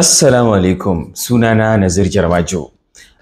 Assalamu alaikum sunana Nazir Jarmajo.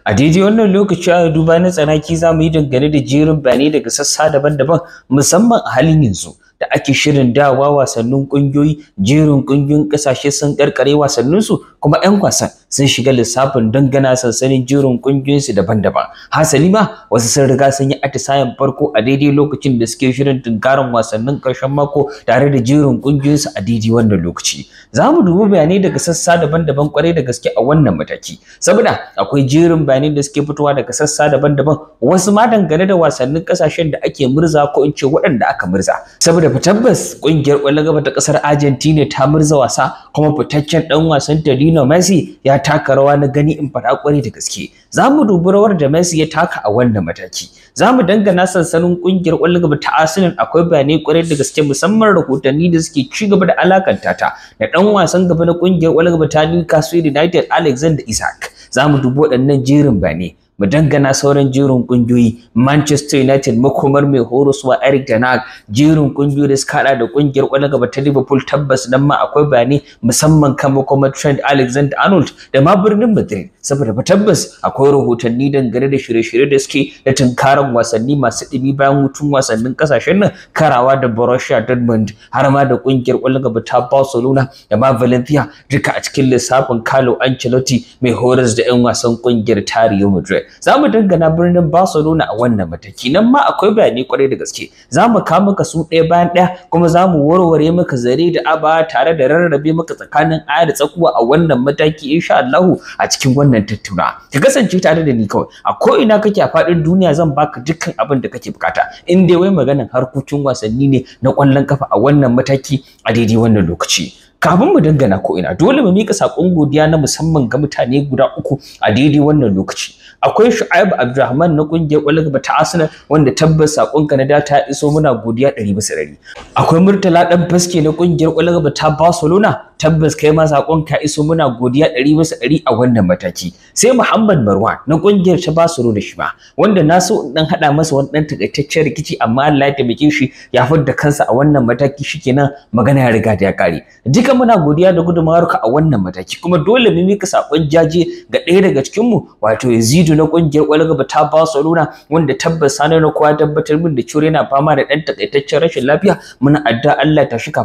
A daidai wannan lokaci a duba na tsanaki za mu yi dangane da jerin bayanai daga sassa daban-daban musamman a halin yanzu da ake shirin dawa wasannin ƙungiyoyi jerin ƙungiyoyin ƙasashe sun ƙarƙare wasanninsu kuma 'yan wasan sun shiga lissafin dangana sansanin jerin kungiyoyinsu daban-daban hasali ma wasu sun riga sun yi atisayen farko a daidai lokacin da suke shirin tunkarin wasannin ƙarshen mako tare da jerin kungiyoyinsu a daidai wannan lokaci za mu dubi bayanai daga sassa daban-daban kwarai da gaske a wannan mataki saboda akwai jerin bayanai da suke fitowa daga sassa daban-daban wasu ma dangane da wasannin ƙasashen da ake murza ko in ce waɗanda aka murza saboda tabbas ƙungiyar ƙwallon gaba ta ƙasar Argentina ta murza wasa kuma fitaccen ɗan wasan Lionel Messi ya ya taka rawa na gani in fara kwari da gaske zamu dubi rawar da Messi ya taka a wannan mataki za mu dangana sansanin ƙungiyar ƙwallon ta Arsenal akwai bayanai kwarai da gaske musamman rahotanni da suke ci gaba da alakanta ta da ɗan wasan gaba na ƙungiyar ƙwallon ta Newcastle United Alexander Isak za mu dubi waɗannan jerin bayanai mu dangana sauran jerin kungiyoyi Manchester United makomar mai horoswa Eric Ten Hag jerin kungiyoyi da suka hada da kungiyar kwallon gaba ta Liverpool tabbas nan ma akwai bayani musamman kan makomar Trent Alexander-Arnold da ma birnin Madrid saboda ba tabbas akwai rahotanni dangane da shirye-shirye da suke da tunkaran wasanni masu ɗibi bayan hutun wasannin kasashen nan karawa da Borussia Dortmund har ma da kungiyar kwallon gaba ta Barcelona da ma Valencia duka a cikin lissafin Carlo Ancelotti mai horas da 'yan wasan kungiyar ta Real Madrid za mu dangana birnin Barcelona a wannan mataki nan ma akwai bayani kwarai da gaske za mu kawo maka su ɗaya bayan ɗaya kuma za mu warware maka zare da aba tare da rarrabe maka tsakanin aya da tsakuwa a wannan mataki insha Allahu a cikin wannan tattuna ka kasance tare da ni kawai a ko ina kake a faɗin duniya zan baka dukkan abin da kake bukata in dai wai maganan harkokin wasanni ne na kwallon kafa a wannan mataki a daidai wannan lokaci kafin mu dangana ko ina dole mu mika sakon godiya na musamman ga mutane guda uku a daidai wannan lokaci akwai Shu'aib Abdulrahman na kungiyar Olagba ta Asana wanda tabbas ka na data iso muna godiya 100 bisa 100 akwai Murtala dan Faske na kungiyar Olagba ta Barcelona tabbas kai ma sakon ka iso muna godiya ɗari bisa ɗari a wannan mataki sai Muhammad marwa na ƙungiyar ta Basuro da ba. wanda na so dan haɗa masa wani dan takaitaccen rikici amma Allah ya taimake shi ya fadda kansa a wannan mataki shikenan magana ya riga da ya kare duka muna godiya da gudummawar ka a wannan mataki kuma dole mu mika sakon jaje ga ɗaya daga cikin mu wato Yazidu na ƙungiyar Walgaba ta Basuro wanda tabbas sanar na kowa tabbatar min da cewa yana fama da ɗan takaitaccen rashin lafiya muna adda Allah ta shika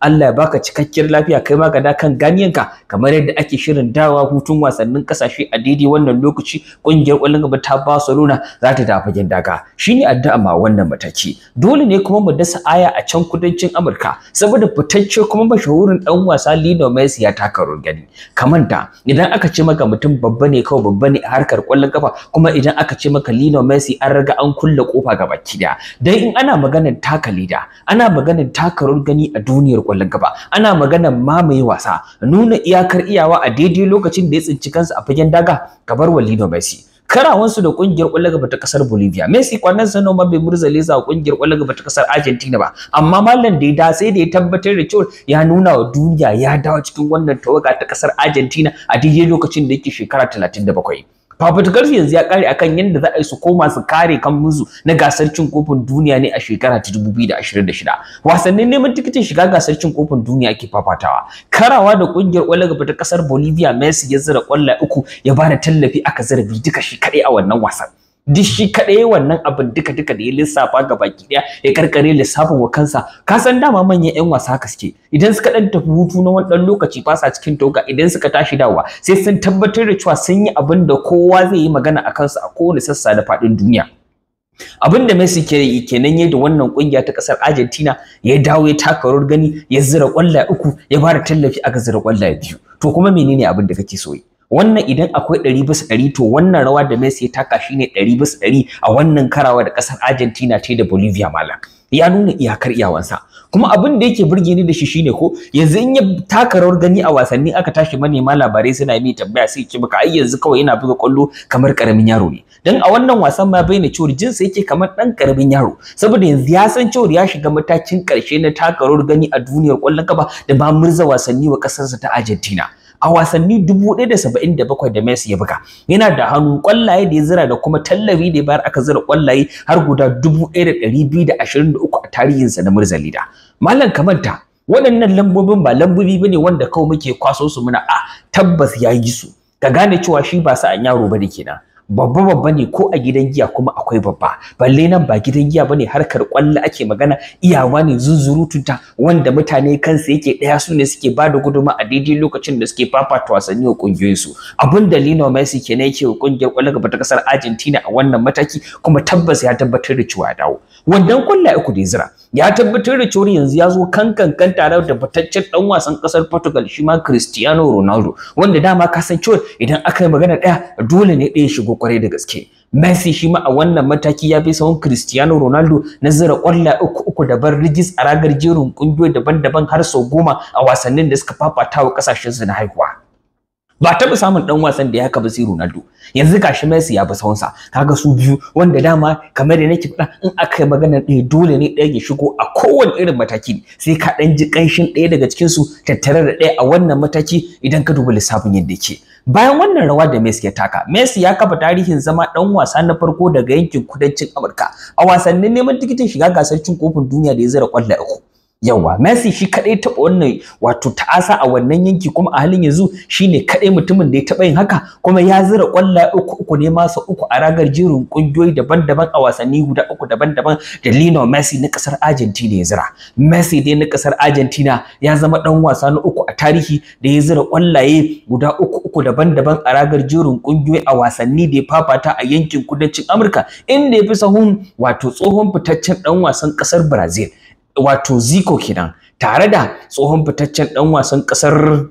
Allah ya baka cikakkiyar lafiya kai ma gada kan ganiyanka kamar yadda ake shirin dawa hutun wasannin kasashe a daidai wannan lokaci kungiyar ƙwallon gaba ta Barcelona za ta tafi fagen daga shine addu'a ma wannan mataki dole ne kuma mu dasa aya a can kudancin Amurka saboda fitacce kuma mashahurin dan wasa Lino Messi ya taka gani kamar da idan aka ce maka mutum babba ne kawai babba ne a harkar ƙwallon kafa kuma idan aka ce maka Lino Messi an riga an kulle kofa ga kida dan in ana maganar taka leader ana maganar taka gani a duniyar ƙwallon gaba, ana maganar mamaye wasa nuna iyakar iyawa a daidai lokacin da ya tsinci kansa a fagen daga kamar Walino Messi karawansu da kungiyar kwallon gaba ta kasar Bolivia Messi kwanan sa noma bai murzale za kungiyar kwallon gaba ta kasar Argentina ba amma mallan da ya da sai da ya tabbatar da cewa ya nuna wa duniya ya dawo cikin wannan tawaga ta kasar Argentina a daidai lokacin da yake shekara 37 fafutukar su yanzu ya kare akan yadda za a yi su koma su kare kan na gasar cin kofin duniya ne a shekara ta shida. wasannin neman tikitin shiga gasar cin kofin duniya ke fafatawa karawa da kungiyar kwallon gaba ta kasar Bolivia Messi ya zira kwallaye uku ya bada tallafi aka zarafi duka shi kadai a wannan wasan duk shi kaɗai wannan abin duka duka da ya lissafa ga baki ɗaya ya karkare lissafin wa kansa ka san dama manyan yan wasa haka suke idan suka ɗan tafi hutu na wani ɗan lokaci ba sa cikin toga idan suka tashi dawa, sai sun tabbatar da cewa sun yi abin da kowa zai yi magana a kansa a kowane sassa da faɗin duniya abin da Messi ke yi kenan yadda wannan kungiya ta kasar Argentina ya dawo ya taka rawar gani ya zira ƙwallaye uku ya fara tallafi aka zira ƙwallaye biyu to kuma menene abin da kake so yi wannan idan akwai ɗari bisa ɗari to wannan rawa da Messi ya taka ne ɗari bisa ɗari a wannan karawa da ƙasar Argentina ta da Bolivia mala ya nuna iyakar iyawansa kuma abin da yake burge ni da shi shine ko yanzu in ya taka rawar gani a wasanni aka tashi manema labarai suna yi tambaya sai ki baka ai yanzu kawai yana buga kwallo kamar karamin yaro ne dan a wannan wasan ma bayyana cewa jinsa yake kamar dan karamin yaro saboda yanzu ya san cewa ya shiga matakin karshe na taka rawar gani a duniyar ƙwallon kafa da ma murza wasanni wa kasarsa ta Argentina a wasanni 1077 da Messi ya buga yana da hannu kwallaye da ya zira da kuma tallafi da ya bayar aka zira kwallaye har guda 1223 a tarihinsa na Murzalida Malam kamanta waɗannan lambobin ba lambobi bane wanda kawai muke kwaso su muna a ah, tabbas ya yi su ka gane cewa shi ba sa an yaro ba bane kenan babba babba ne ko a gidan giya kuma akwai babba balle nan ba gidan giya bane harkar kwallo ake magana iyawa ne zunzurutunta wanda mutane kansu yake daya su ne suke bada guduma a daidai lokacin da suke fafata wasanni a kungiyoyin su abin da lino Messi kenan yake wa kungiyar kwallo gaba ta kasar Argentina a wannan mataki kuma tabbas ya tabbatar da cewa dawo wannan kulla uku da zira ya tabbatar da cewa yanzu ya zo kankan kan tare da bataccen dan wasan kasar Portugal shi ma Cristiano Ronaldo wanda dama kasancewa idan aka yi magana daya dole ne ɗaya shigo kwarai da gaske Messi shi ma a wannan mataki ya fi sahun Cristiano Ronaldo na zira kwalla uku uku da bar rigis a ragar jerin kungiyoyi daban-daban har sau goma a wasannin da suka fafata wa kasashen su na haihuwa ba taɓa samun ɗan wasan da ya haka ba sai Ronaldo yanzu gashi Messi ya bi sahunsa kaga su biyu wanda dama kamar da nake faɗa in aka yi magana ɗaya dole ne ɗaya ya shigo a kowane irin mataki sai ka ɗan ji ƙanshin ɗaya daga cikin su tattare da ɗaya a wannan mataki idan ka duba lissafin yadda yake bayan wannan rawa da Messi ya taka Messi ya kafa tarihin zama ɗan wasa na farko daga yankin kudancin Amurka a wasannin neman tikitin shiga gasar cin kofin duniya da ya zira ƙwallo uku yawa Messi shi kadai ta wannan wato ta'asa a wannan yanki kuma a halin yanzu shine kadai mutumin da ya taba yin haka kuma ya zira kwallaye uku uku ne masa uku a ragar jerin kungiyoyi daban-daban a wasanni guda uku daban-daban da Lionel Messi na kasar Argentina ya zira Messi dai na kasar Argentina ya zama dan wasa na uku a tarihi da ya zira kwallaye guda uku uku daban-daban a ragar jerin kungiyoyi a wasanni da ya fafata a yankin kudancin Amurka inda ya fi sahun wato tsohon fitaccen dan wasan kasar Brazil wato ziko kenan tare da tsohon fitaccen dan wasan kasar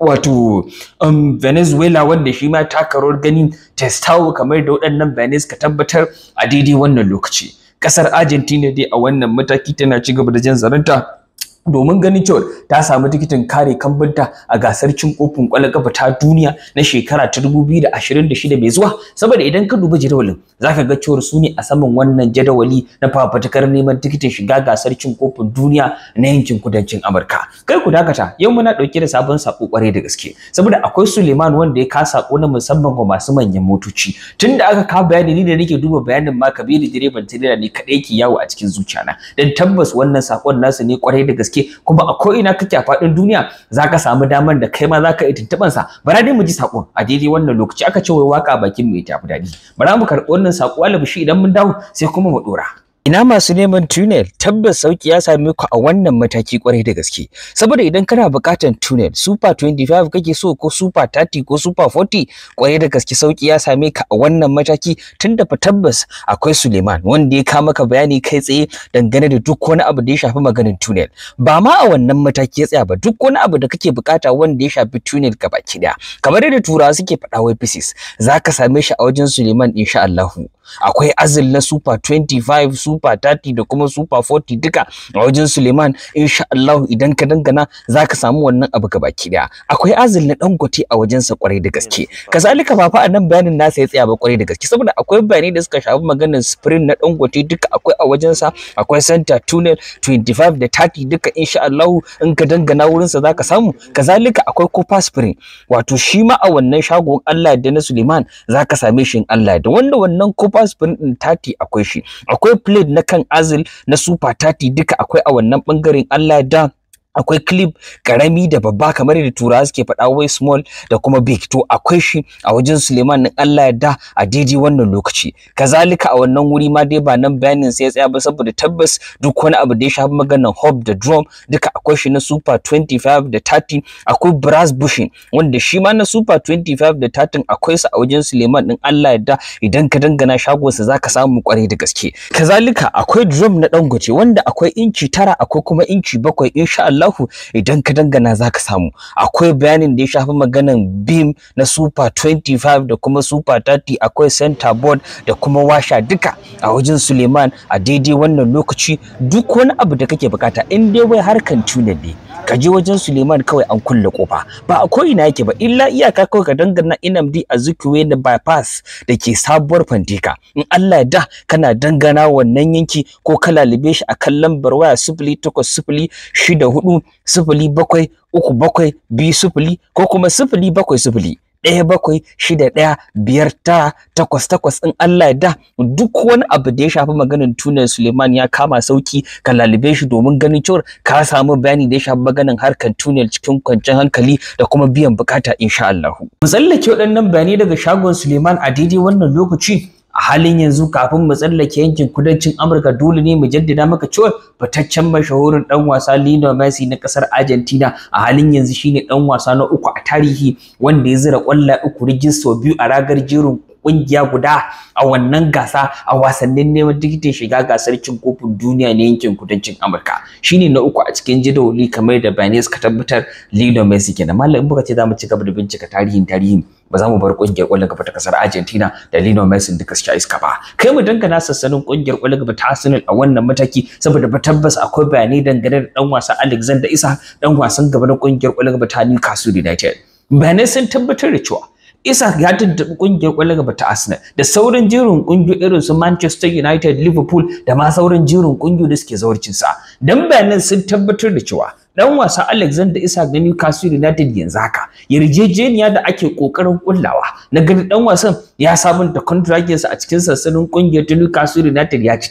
wato um, venezuela wanda shi ma taka rawar ganin testawo kamar da waɗannan bayanai ka tabbatar a daidai wannan lokaci ƙasar argentina dai a wannan mataki tana ci gaba da jan zaranta domin ganin cewa ta samu tikitin kare kambinta a gasar cin kofin kwallon kafa ta duniya na shekara ta 2026 mai zuwa saboda idan ka duba jadawalin zaka ga cewa su ne a saman wannan jadawali na fafatakar neman tikitin shiga gasar cin kofin duniya na yankin kudancin Amurka kai ku dakata yau muna dauke da sabon sako kwarai da gaske saboda akwai Suleiman wanda ya ka sako na musamman ga masu manyan motoci tunda aka ka bayani ni da nake duba bayanin ma kabiru direban tirela ne kadai ke yawo a cikin zuciyana dan tabbas wannan sakon nasu ne kwarai da gaske gaske kuma a ko'ina kake a faɗin duniya za ka samu damar da kai ma za ka yi sa bara dai mu ji saƙon a daidai wannan lokaci aka ce wai waka bakin mu ya tafi daɗi bara mu karɓi wannan saƙo alabashi idan mun dawo sai kuma mu ɗora. Ina masu neman tunnel tabbas sauki ya same ku a wannan mataki kwarai da gaske saboda idan kana buƙatar tunnel super 25 kake so ko super 30 ko super 40 kwarai da gaske sauki ya same ka a wannan mataki tunda fa tabbas akwai Suleiman wanda ya kama maka bayani kai tsaye dangane da duk wani abu da ya shafi maganin tunnel ba ma a wannan mataki ya tsaya ba duk wani abu da kake buƙata wanda ya shafi tunnel gaba ki daya kamar yadda turawa suke faɗa wai pieces zaka same shi a wajen Suleiman insha Allahu akwai azil na super 25 super 30 da kuma super 40 duka a wajen suleiman insha Allah idan ka dangana zaka samu wannan abu gaba daya akwai azil na dangote a wajen sa kwarai da gaske kazalika ba fa a nan bayanin nasa ya tsaya ba kwarai da gaske saboda akwai bayanai da suka shafi maganar sprint na dangote duka akwai a wajen sa akwai center tunnel 25 da 30 duka insha Allah in ka dangana wurin sa zaka samu kazalika akwai copper sprint wato shi ma a wannan shagon Allah da na Suleiman zaka same shi in Allah da wanda wannan copper. super spoon din tati akwai shi akwai plate na kan azil na super tati duka akwai a wannan bangaren Allah da akwai clip karami da babba kamar yadda turawa suke faɗa wai small da kuma big to akwai shi a wajen Suleiman din Allah yadda a daidai wannan lokaci kazalika a wannan wuri ma dai ba nan bayanin sai ya tsaya ba saboda tabbas duk wani abu da ya shafi maganar hop da drum duka akwai shi na super 25 da 30 akwai brass bushing wanda shi ma na super 25 da 30 akwai su a wajen Suleiman din Allah yadda idan ka dangana shagonsa zaka samu kwarai da gaske kazalika akwai drum na dangote wanda akwai inci tara akwai kuma inci bakwai insha Allah Allah idan ka dangana zaka samu akwai bayanin da ya shafi maganan BIM na Super 25 da kuma Super 30 akwai center board da kuma washa duka a wajen Suleiman a daidai wannan lokaci duk wani abu da kake bukata in dai wai harkan tuna ne ka je wajen Suleiman kawai an kulle kofa ba a ko'ina ina yake ba illa iyaka kawai ka dangana Inamdi Azikiwe na bypass da ke sabuwar Fandika in Allah ya da kana dangana wannan yanki ko ka lalibe shi a kan lambar waya sifili takwas sifili shida hudu uku sifili bakwai uku bakwai biyu sifili ko kuma sifili bakwai sifili ɗaya bakwai shida ɗaya biyar tara takwas takwas in Allah ya da duk wani abu da ya shafi maganin tunan Suleiman ya kama sauki ka lalube shi domin ganin cewar ka samu bayani da ya shafi maganin harkar tunan cikin kwanciyar hankali da kuma biyan bukata insha Allah. Mu tsallake waɗannan bayanai daga shagon Suleiman a daidai wannan lokaci a halin yanzu kafin mu tsallake yankin kudancin Amurka dole ne mu jaddada maka cewa fitaccen mashahurin dan wasa Lino Messi na kasar Argentina a halin yanzu shine dan wasa na uku a tarihi wanda ya zira kwallaye uku rijista biyu a ragar jerin kungiya guda a wannan gasa a wasannin neman tikitin shiga gasar cin kofin duniya na yankin kudancin Amurka shine na uku a cikin jadawali kamar da bayanai ka tabbatar Lionel Messi kenan mallam buka ce zamu ci gaba da bincika tarihin tarihin ba za mu bar kungiyar kwallon gaba ta kasar Argentina da Lionel Messi duka sha iska ba kai mu dangana sassanin kungiyar kwallon gaba ta Arsenal a wannan mataki saboda ba tabbas akwai bayanai dangane da dan wasa Alexander Isa dan wasan gaba na kungiyar kwallon gaba ta Newcastle United bayanai sun tabbatar da cewa Isak ya tattaɓi ƙungiyar ƙwallon gaba ta Arsenal da sauran jerin ƙungiyoyi irin su Manchester United, Liverpool da ma sauran jerin ƙungiyoyi da suke zawarcin sa. Dan bayanan sun tabbatar da cewa dan wasa Alexander Isak na Newcastle United yanzu haka yarjejeniya da ake kokarin kullawa na ganin dan wasan ya sabunta contract a cikin sansanin ƙungiyar ta Newcastle United ya ci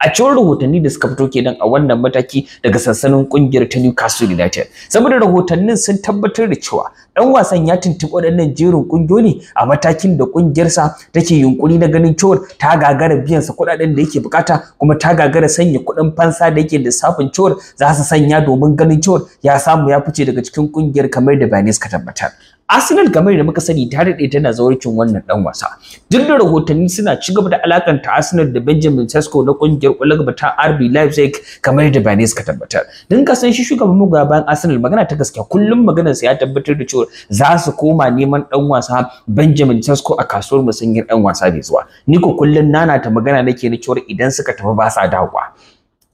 a cikin rahotanni da suka fito kenan a wannan mataki daga sansanin kungiyar ta Newcastle United saboda rahotannin sun tabbatar da cewa dan wasan ya tuntuɓi waɗannan jerin ne, a matakin da ƙungiyarsa take yunkuri na ganin cewa ta gagara biyan sa kuɗaɗen da yake bukata kuma ta gagara sanya kuɗin fansa da yake lissafin cewa za su sanya domin ganin cewa ya samu ya fice daga cikin ƙungiyar kamar da bayanai suka tabbatar Arsenal kamar da muka sani ta daɗe tana zawarcin wannan ɗan wasa. Duk da rahotanni suna ci gaba da alakanta Arsenal da Benjamin Sesko na ƙungiyar ƙwallon ta RB Leipzig kamar da Bane suka tabbatar. Don ka san shi shugaban magoya bayan Arsenal magana ta gaskiya kullum maganar sa ya tabbatar da cewa za su koma neman ɗan wasa Benjamin Sesko a kasuwar musanyar ɗan wasa mai zuwa. Ni ko kullum nana ta magana nake na cewa idan suka tafi ba sa dawowa.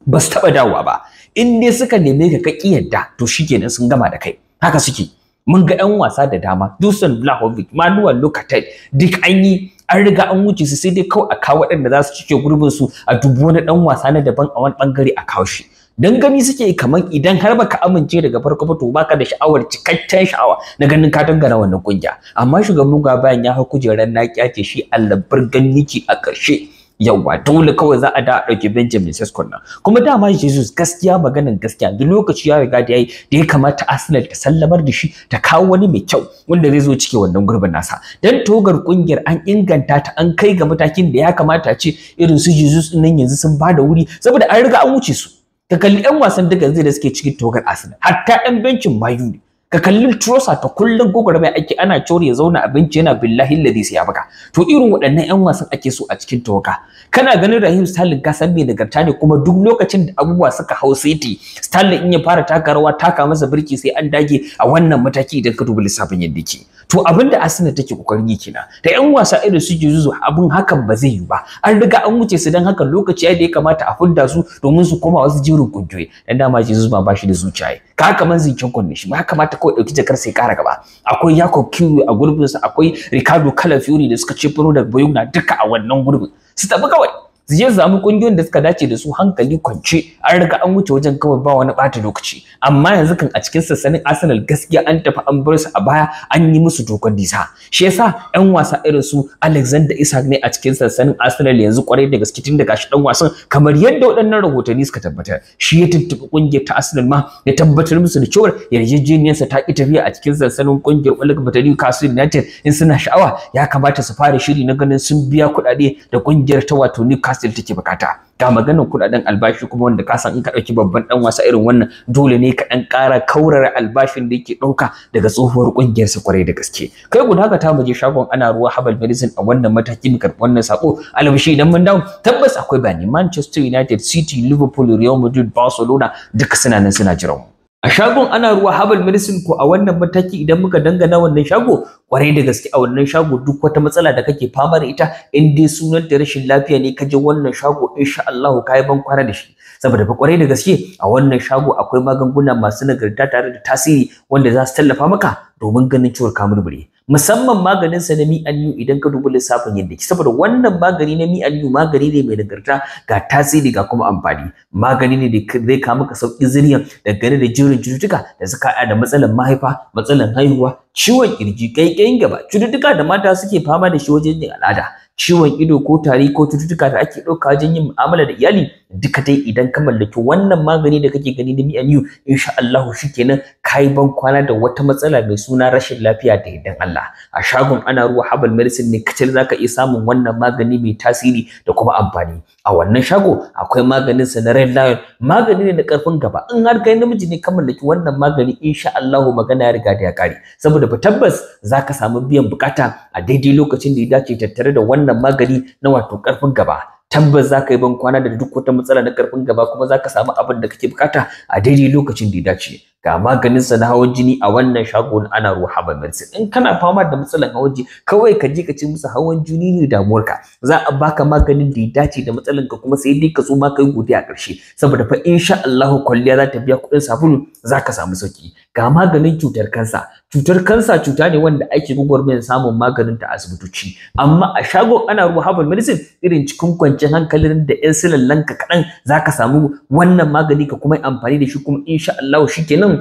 Ba su taɓa dawowa ba. In dai suka neme ka ka ƙi yadda to shikenan sun gama da kai. Haka suke. mun ga 'yan wasa da dama Dusan Vlahovic Manuel Lukatai duk an yi an riga an wuce su sai dai kawai a kawo waɗanda za su cike gurbin su a dubu wani ɗan wasa na daban a wani ɓangare a kawo shi dan gani suke kamar idan har baka amince daga farko ba to baka da sha'awar cikakken sha'awa na ganin ka dangana wannan kungiya amma shugaban bayan ya hau kujerar na kyace shi Allah gannici a ƙarshe yawa dole kawai za a da dauki Benjamin Sesko nan kuma dama Jesus gaskiya maganan gaskiya duk lokaci ya riga da ya yi da ya kamata Arsenal ta sallamar da shi ta kawo wani mai kyau wanda zai zo cike wannan gurbin nasa dan togar kungiyar an inganta ta an kai ga matakin da ya kamata a ce irin su Jesus nan yanzu sun bada wuri saboda an riga an wuce su ka kalli 'yan wasan duka zai da suke cikin togar Arsenal hatta 'yan bencin Mayu ne ka kalli trosa ta kullun gogara mai aiki ana cori ya zauna abinci yana billahi ladi sai ya baka to irin waɗannan ƴan wasan ake so a cikin toka kana ganin Rahim Sterling ka san mai nagarta ne kuma duk lokacin da abubuwa suka hau City Sterling in ya fara taka rawa taka masa birki sai an dage a wannan mataki idan ka dubi lissafin yadda yake to abinda Arsenal take kokarin yi kenan da yan wasa irin su Jizuzu abin hakan ba zai yi ba an riga an wuce su dan haka lokaci da ya kamata a fudda su domin su koma wasu jirin kungiyoyi dan dama Jesus ba bashi da zuciya ka haka man zincin kunne shi ba kamata kawai dauki jakar sai kara gaba akwai Yakob Kiwi a gurbin sa akwai Ricardo Calafiori da suka ce furo da Boyuna duka a wannan gurbin su tafi kawai su zamu kungiyoyin da suka dace da su hankali kwance an riga an wuce wajen kawai ba wani bata lokaci amma yanzu kan a cikin sassanin Arsenal gaskiya an tafi an bar su a baya an yi musu dokon disa shi yasa yan wasa irin su Alexander Isak ne a cikin sassanin Arsenal yanzu kwarai da gaske tun da gashi dan wasan kamar yadda waɗannan rahotanni suka tabbatar shi ya tuntuɓi kungiyar ta Arsenal ma ya tabbatar musu da cewa sa ta ki tafiya a cikin sassanin kungiyar Olympic Batalion Castle United in suna sha'awa ya kamata su fara shiri na ganin sun biya kuɗaɗe da kungiyar ta wato Newcastle Newcastle take bukata ga maganar kudaden albashi kuma wanda ka san in ka dauki babban dan wasa irin wannan dole ne ka dan ƙara kaurara albashin da yake dauka daga tsohuwar kungiyar sa kwarai da gaske kai guda ka ta muje shagon ana ruwa Habal Medicine a wannan matakin karɓi wannan sako albashi idan mun dawo tabbas akwai bani Manchester United City Liverpool Real Madrid Barcelona duka suna nan suna jiran mu a shagon ana ruwa habal medicine ko a wannan mataki idan muka dangana wannan shago kwarai da gaske a wannan shago duk wata matsala da kake fama da ita in dai sunan da rashin lafiya ne ka wannan shago insha Allah ka yi ban kwana da shi saboda fa kwarai da gaske a wannan shago akwai magunguna masu nagarta tare da tasiri wanda za su tallafa maka domin ganin ciwon ka murmure musamman maganin sa na mi aliyu idan ka dubi lissafin yadda ki saboda wannan magani na mi aliyu magani ne mai nagarta ga tasiri ga kuma amfani magani ne da zai kawo maka sauki zuriya dangane da jirin cututtuka da suka haɗa da matsalan mahaifa matsalan haihuwa ciwon kirji kaikayin gaba cututtuka da mata suke fama da shi wajen yin al'ada ciwon ido ko tari ko cututtuka da ake ɗauka wajen yin mu'amala da iyali duka dai idan ka mallaki wannan magani da kake gani da mi'aniyu insha Allah kenan kai ban kwana da wata matsala mai suna rashin lafiya da idan Allah a shagon ana ruwa habal medicine ne kacal zaka iya samun wannan magani mai tasiri da kuma amfani a wannan shago akwai maganin sa na red lion magani ne na karfin gaba in har kai namiji ne ka mallaki wannan magani insha Allah magana ya riga da ya kare saboda ba tabbas zaka samu biyan bukata a daidai lokacin da ya dace tattare da wannan magani na wato karfin gaba tabbas za ka yi ban kwana da duk wata matsala na karfin gaba kuma za ka samu abin da kake bukata a daidai lokacin da ya dace ga maganin sa na hawan jini a wannan shagon ana ruwa haba medicine in kana fama da matsalan hawan jini kawai ka je ka ce musu hawan jini ne damuwarka za a baka maganin da ya dace da matsalan ka kuma sai dai ka zo ma yi godiya a ƙarshe saboda fa insha Allah kwalliya za ta biya kuɗin sabulu za ka samu sauki ga maganin cutar kansa cutar kansa cuta ne wanda ake gwagwarmayar samun maganin ta asibitoci amma a shagon ana haba medicine irin cikin kwanciyar hankalin da 'yan silallanka kaɗan za ka samu wannan magani ka kuma yi amfani da shi kuma insha Allah shi kenan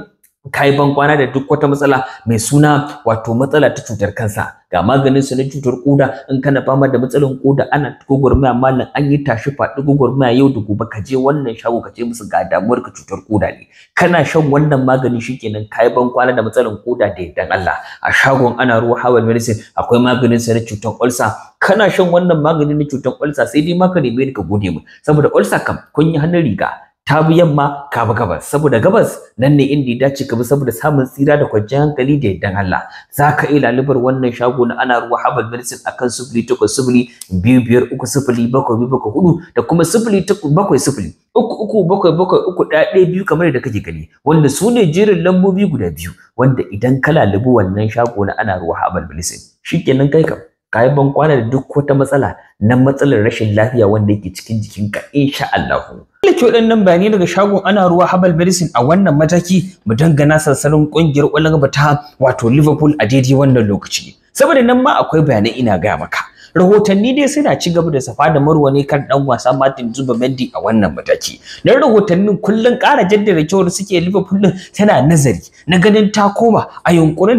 ka yi bankwana da duk wata matsala mai suna wato matsala ta cutar kansa ga maganin sa na cutar koda in kana fama da matsalan koda ana mai mallam an yi tashi faɗi mai yau da gobe ka je wannan shago ka ce musu ga damuwar ka cutar koda ne kana shan wannan magani shikenan ka yi bankwana da matsalan koda da yardan Allah a shagon ana ruwa hawan medicine akwai maganin sa na cutar ulsa kana shan wannan magani na cutar ulsa sai dai maka ne mai ka gode mu saboda ulsa kam kun yi hannun riga ta bi yamma ka bi gabas saboda gabas nan ne inda ya dace ka bi saboda samun tsira da kwanciyar hankali da yardan Allah za ka iya lalubar wannan shago na ana ruwa habal medicine akan sufuri takwas sufuri biyu biyar uku sufuri bakwai biyu bakwai hudu da kuma sufuri bakwai sufuri uku uku bakwai bakwai uku ɗaya ɗaya biyu kamar da kake gani wanda su ne jerin lambobi guda biyu wanda idan ka lalubi wannan shago na ana ruwa habal medicine shikenan kai kam ka yi ban kwana da duk wata matsala na matsalar rashin lafiya wanda yake cikin jikinka insha Allah ke waɗannan bayanai daga shagon ana ruwa Habal medicine a wannan mataki mu dangana sansanin ƙungiyar ƙwallon ta wato liverpool a daidai wannan lokaci saboda nan ma akwai bayanai ina gaya maka rahotanni dai suna ci gaba da safa da marwa ne kan dan wasa Martin Zubimendi a wannan mataki dan rahotannin kullun ƙara jaddada cewa suke Liverpool din tana nazari na ganin ta koma a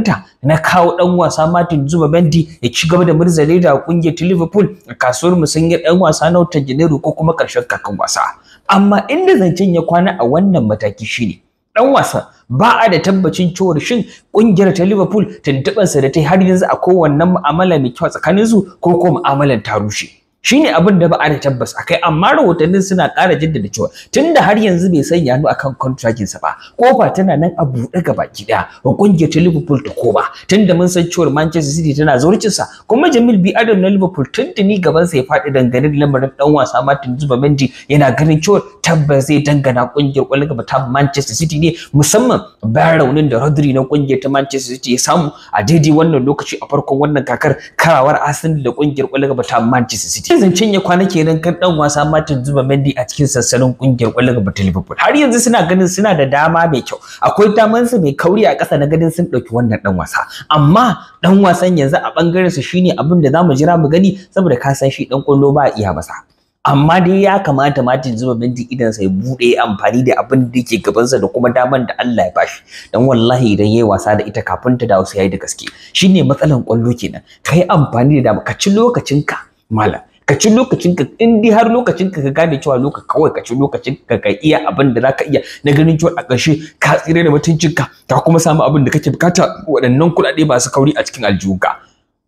ta na kawo dan wasa Martin Zubimendi ya ci gaba da murzale da kungiyar Liverpool a kasuwar musanyar dan wasa na watan Janairu ko kuma karshen kakan wasa amma inda zancen ya kwana a wannan mataki shine dan wasa ba a da tabbacin cewar shin kungiyar ta Liverpool tuntuɓarsa da ta har yanzu a kowanne mu'amala mai kyau tsakaninsu ko ko mu'amalar ta rushe shine abin da ba a da tabbas akai amma rahotannin suna ƙara jaddada cewa tunda har yanzu bai sanya hannu akan contracting sa ba ko ba tana nan a buɗe gaba gida ba kungiyar ta Liverpool ta ba tunda mun san cewa Manchester City tana zurcin sa kuma Jamil biyu Adam na Liverpool ni gaban sa ya faɗi dangane da lamarin dan wasa Martin Zubamendi yana ganin cewa tabbas zai dangana kungiyar kwallon gaba ta Manchester City ne musamman bayan raunin da Rodri na kungiyar ta Manchester City ya samu a daidai wannan lokaci a farkon wannan kakar karawar Arsenal da kungiyar kwallon gaba ta Manchester City shi zancen ya kwana kenan kan dan wasa Martin Zuba Mendy a cikin sassanin kungiyar kwallon gaba ta Liverpool har yanzu suna ganin suna da dama mai kyau akwai daman su mai kauri a ƙasa na ganin sun dauki wannan dan wasa amma dan wasan yanzu a bangaren su shine abin da zamu jira mu gani saboda ka san shi dan kwallo ba iya masa amma dai ya kamata Martin zuba Mendy idan sai bude amfani da abin da yake gabansa da kuma daman da Allah ya bashi dan wallahi idan yayi wasa da ita kafin ta dawo sai yayi da gaske shine matsalan kwallo kenan kai amfani da dama ka ci lokacin ka malam ka ci lokacin ka in dai har lokacin ka ka gane cewa loka kawai ka ci lokacin ka ka iya abin da zaka iya na ganin cewa a ƙarshe ka tsire da mutuncinka ka kuma samu abin da kake bukata waɗannan kuɗaɗe su kauri a cikin ka.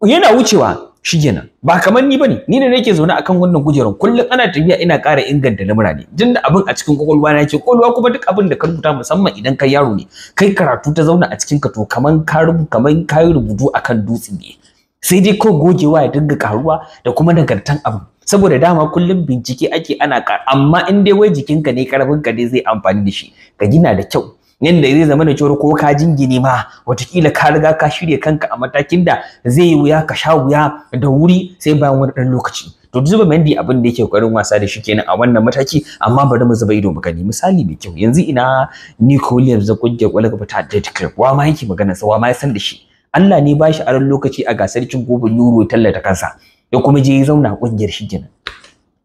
yana wucewa shi kenan ba kamar ni bane ni ne nake zaune akan wannan kujerar kullum ana tafiya ina ƙara inganta lamura ne jin da abin a cikin kwakwalwa na yake kwakwalwa kuma duk abin da ka rubuta musamman idan kai yaro ne kai karatu ta zauna a cikin ka to kaman ka rubu kaman ka yi rubutu akan dutse ne sai dai ko gogewa ya dinga karuwa da kuma nagartan abu saboda dama kullum bincike ake ana ka amma in dai wai jikinka ne karfin ka dai zai amfani da shi ka gina da kyau yanda zai zama da cewa ko ka jingine ma watakila ka riga ka shirya kanka a matakin da zai yi wuya ka sha wuya da wuri sai bayan wani ɗan lokaci to zuba mendi abin da yake kokarin wasa da shi kenan a wannan mataki amma bari mu zuba ido mu gani misali mai kyau yanzu ina Nico Williams da kungiyar ba ta Athletic Club wa ma yake magana sa wa ma ya san da shi Allah ne bashi shi a lokaci a gasar cin kofin ya tallata kansa ya kuma je ya zauna ƙungiyar shi kenan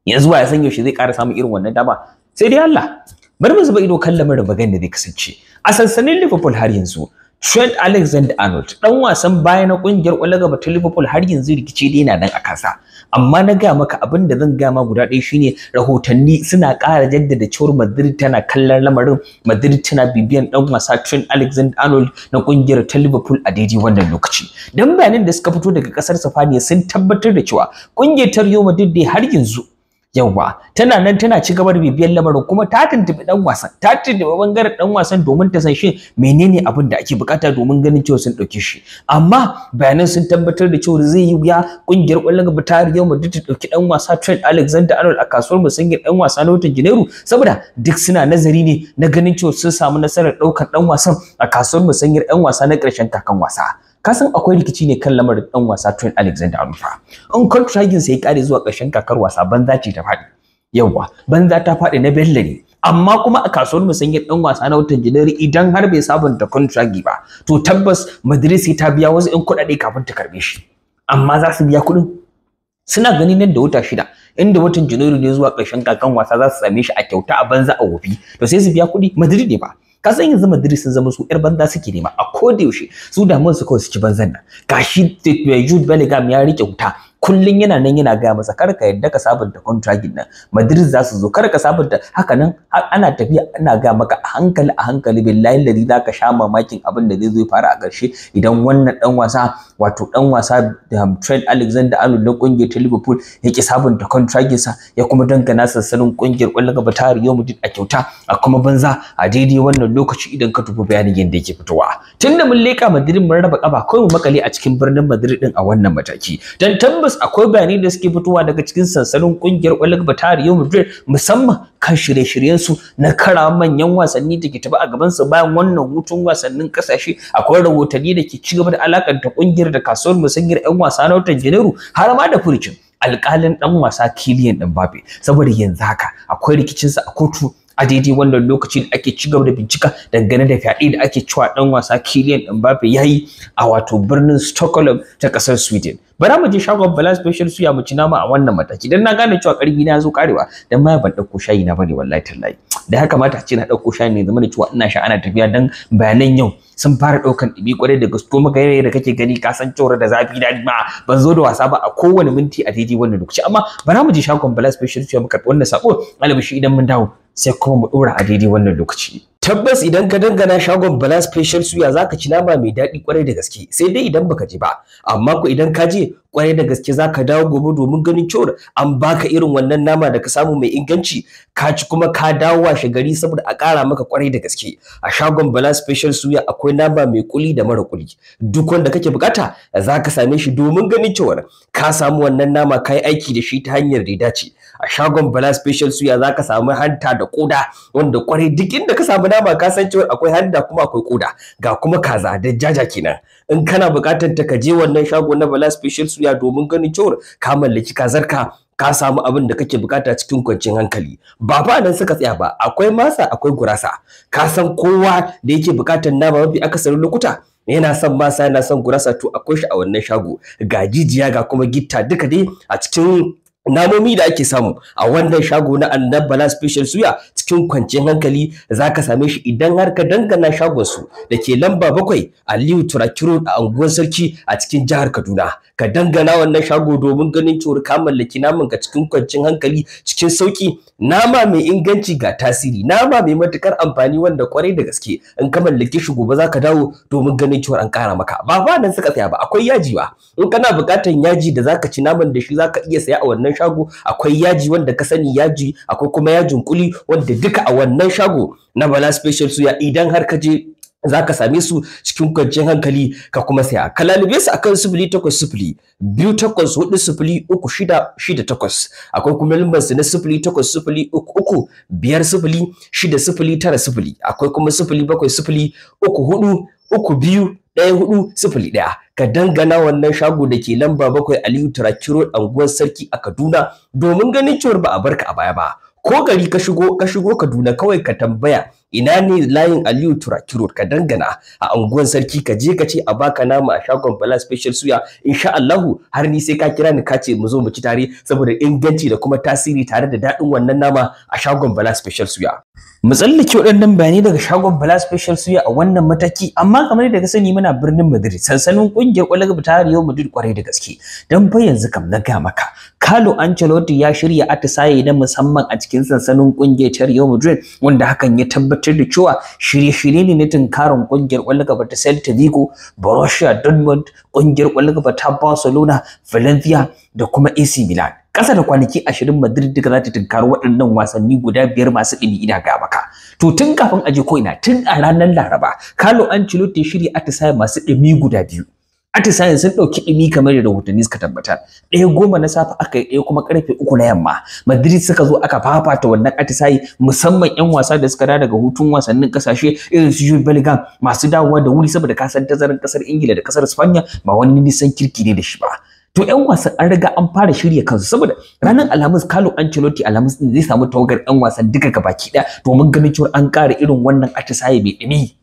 yanzu ba ya san yaushe zai ƙara samun irin wannan dama sai dai Allah bar mu zuba ido kan lamarin bagan da zai kasance a sansanin Liverpool har yanzu Trent Alexander-Arnold dan wasan baya na kungiyar kwalaga gaba ta Liverpool har yanzu rikice dai na nan a kasa amma na ga maka abin da zan ga ma guda ɗaya shine rahotanni suna ƙara jaddada cewar Madrid tana kallon lamarin Madrid tana bibiyan dan wasa Trent Alexander-Arnold na kungiyar ta Liverpool a daidai wannan lokaci dan bayanan da suka fito daga kasar Spain sun tabbatar da cewa kungiyar ta Real Madrid dai har yanzu yawwa tana nan tana ci gaba da bibiyar lamarin kuma ta tuntubi dan wasan ta tuntubi bangaren dan wasan domin ta san shi menene abin da ake bukata domin ganin cewa sun dauke shi amma bayanan sun tabbatar da cewa zai yi wuya kungiyar kwallon gaba ta mu mu ta dauki dan wasa Trent Alexander Arnold a kasuwar mu musangin dan wasa na watan Janairu saboda duk suna nazari ne na ganin cewa sun samu nasarar daukar dan wasan a kasuwar mu musangin dan wasa na karshen kakan wasa kasan akwai rikici ne kan lamarin dan wasa Trent Alexander Arnold kan tragin sai kare zuwa ƙarshen kakar wasa banza ce ta fadi. yawa banza ta faɗi na Bello ne amma kuma a kasuwar mu musanya dan wasa na watan Janairu idan har bai sabunta kontragi ba to tabbas Madrid sai ta biya wasu ɗan kuɗaɗe kafin ta karbe shi amma za su biya kuɗin suna gani nan da wuta shida inda watan Janairu ne zuwa ƙarshen kakan wasa za su same shi a kyauta a banza a wofi to sai su biya kuɗi Madrid ne ba ka san yanzu Madrid sun zama su yar banza suke nema a koda yaushe su damuwar su kawai su ci banzan nan gashi Jude Bellingham ya rike wuta kullun yana nan yana gaya masa kar ka yadda ka sabunta contract nan Madrid za su zo kar ka sabunta haka nan ana tafiya ana gaya maka a hankali a hankali billahi ladi za ka sha mamakin abin da zai zo ya fara a ƙarshe idan wannan dan wasa wato ɗan wasa da Trent Alexander Arnold na kungiyar ta Liverpool ya ki sabunta sa ya kuma dangana sansanin ƙungiyar kwallon gaba ta Real Madrid a kyauta a kuma banza a daidai wannan lokaci idan ka tuba bayanin yadda yake fitowa tunda mun leka Madrid mun raba kafa kawai mu makale a cikin birnin Madrid din a wannan mataki dan tabbas akwai bayanai da suke fitowa daga cikin sansanin kungiyar kwallon gaba ta Real Madrid musamman kan shirye-shiryensu na kara manyan wasanni da ke tafi a gabansa bayan wannan hutun wasannin kasashe akwai rahotanni da ke ci gaba da alakanta kungiyar da kasuwar musanyar 'yan wasa na watan janairu har ma da furcin alƙalin ɗan wasa kiliyan mbappe saboda yanzu haka akwai rikicinsa a kotu a daidai wannan lokaci da ake ci gaba da bincika dangane da fyaɗe da ake cewa ɗan wasa Kiliyan Mbappe ya yi a wato birnin Stockholm ta ƙasar Sweden. bara mu je shagon bala special suya mu ci nama a wannan mataki dan na gane cewa karbi na zo karewa dan ma ban dauko shayi na bane wallahi tallahi da haka mata ce na dauko shayi ne zama cewa ina sha ana tafiya dan bayanan yau sun fara daukan dibi kwarai da gaske kuma yayin da kake gani ka san cewa da zafi da ma ban zo da wasa ba a kowane minti a daidai wannan lokaci amma bara mu je shagon bala special suya mu karbi wannan sako alabashi idan mun dawo sai kuma mu dora a daidai wannan lokaci Tabbas idan ka dangana shagon Bala Special Suya zaka ci nama mai daɗi kwarai da gaske sai dai idan baka je ba amma ko idan ka je kwarai da gaske za ka dawo gobe domin ganin cewar an baka irin wannan nama da ka samu mai inganci ka ci kuma ka dawo washe gari saboda a ƙara maka kwarai da gaske a shagon bala special suya akwai nama mai kuli da mara kuli duk wanda kake bukata za ka same shi domin ganin cewar. ka samu wannan nama ka yi aiki da shi ta hanyar da dace a shagon bala special suya za ka samu hanta da koda wanda kwarai duk inda ka samu nama ka san cewar akwai hanta kuma akwai koda ga kuma kaza da jaja kenan in kana bukatar ta ka je wannan shago na bala special suya suya domin ganin cewar ka mallaki ka kazarka ka samu abin da kake bukata cikin kwanciyar hankali ba ba nan suka tsaya ba akwai masa akwai gurasa ka san kowa da yake bukatar nama mafi akasarin lokuta yana son masa yana son gurasa to akwai shi a wannan shago ga jijiya ga kuma gitta duka dai a cikin namomi da ake samu a wannan shago na Bala special suya cikin kwanciyar hankali za ka same shi idan har ka dangana shagon su da ke lamba bakwai aliyu turaki road a unguwar sarki a cikin jihar kaduna ka dangana wannan shago domin ganin cewar ka mallaki naman ka cikin kwanciyar hankali cikin sauki nama mai inganci ga tasiri nama mai matukar amfani wanda kwarai da gaske in ka mallaki shi gobe za ka dawo domin ganin cewar an kara maka ba ba nan suka tsaya ba akwai yaji ba in kana bukatar yaji da zaka ci naman da shi zaka iya saya a wannan wannan shago akwai yaji wanda ka sani yaji akwai kuma yajin kuli wanda duka a wannan shago na bala special suya idan har ka je za ka same su cikin kwanciyar hankali ka kuma saya ka lalube su akan sifili takwas sifili biyu takwas hudu sifili uku shida shida takwas akwai kuma lambar su na sifili takwas sifili uku uku biyar sifili shida sifili tara sifili akwai kuma sifili bakwai sifili uku hudu uku biyu ɗaya hudu sifili ɗaya ka dangana wannan shago da ke lamba bakwai aliyu turaki road anguwar sarki a kaduna domin ganin cewar ba a barka a baya ba ko gari ka shigo ka shigo kaduna kawai ka tambaya ina ne layin Aliyu Turaki ka dangana a unguwar sarki ka je ka ce a baka nama a shagon Bala Special Suya insha Allahu har ni sai ka kira ni ka ce mu zo mu ci tare saboda inganci da kuma tasiri tare da daɗin wannan nama a shagon Bala Special Suya. Mu tsallake waɗannan bayanai daga shagon Bala Special Suya a wannan mataki amma kamar yadda ka sani muna birnin Madrid sansanin kungiyar ƙwallon ta Real Madrid kwarai da gaske dan fa yanzu kam na ga maka Carlo Ancelotti ya shirya atisaye na musamman a cikin sansanin ƙungiyar Real Madrid wanda hakan ya tabbata. tabbatar da cewa shirye-shirye ne na tunkarin ƙungiyar ƙwallon kafa ta Celta Vigo, Borussia Dortmund, ƙungiyar ƙwallon kafa ta Barcelona, Valencia da kuma AC Milan. Ƙasa da kwanaki ashirin Madrid duka za ta tunkari waɗannan wasanni guda biyar masu ɗimi ina ga maka. To tun kafin aje ko ina tun a ranar Laraba, Carlo Ancelotti shirya atisaye masu ɗimi guda biyu. atisayen sun ɗauki ɗumi kamar da rahotanni suka tabbatar ɗaya goma na safe aka yi ɗaya kuma karfe uku na yamma madrid suka zo aka fafata wannan atisaye musamman yan wasa da suka dawo daga hutun wasannin kasashe irin su jude bellingham masu dawowa da wuri saboda kasan tazarin kasar ingila da ƙasar spanya ba wani nisan kirki ne da shi ba to yan wasan an riga an fara shirya kansu saboda ranar alhamis carlo ancelotti alhamis din zai samu tawagar yan wasan duka gabaki ɗaya domin ganin cewa an ƙara irin wannan atisaye mai ɗumi